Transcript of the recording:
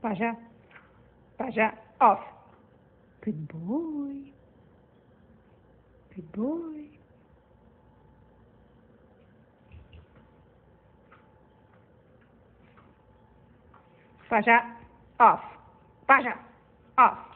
Pasha, Pasha, off. Good boy. Good boy. Pasha, off. Pasha, off.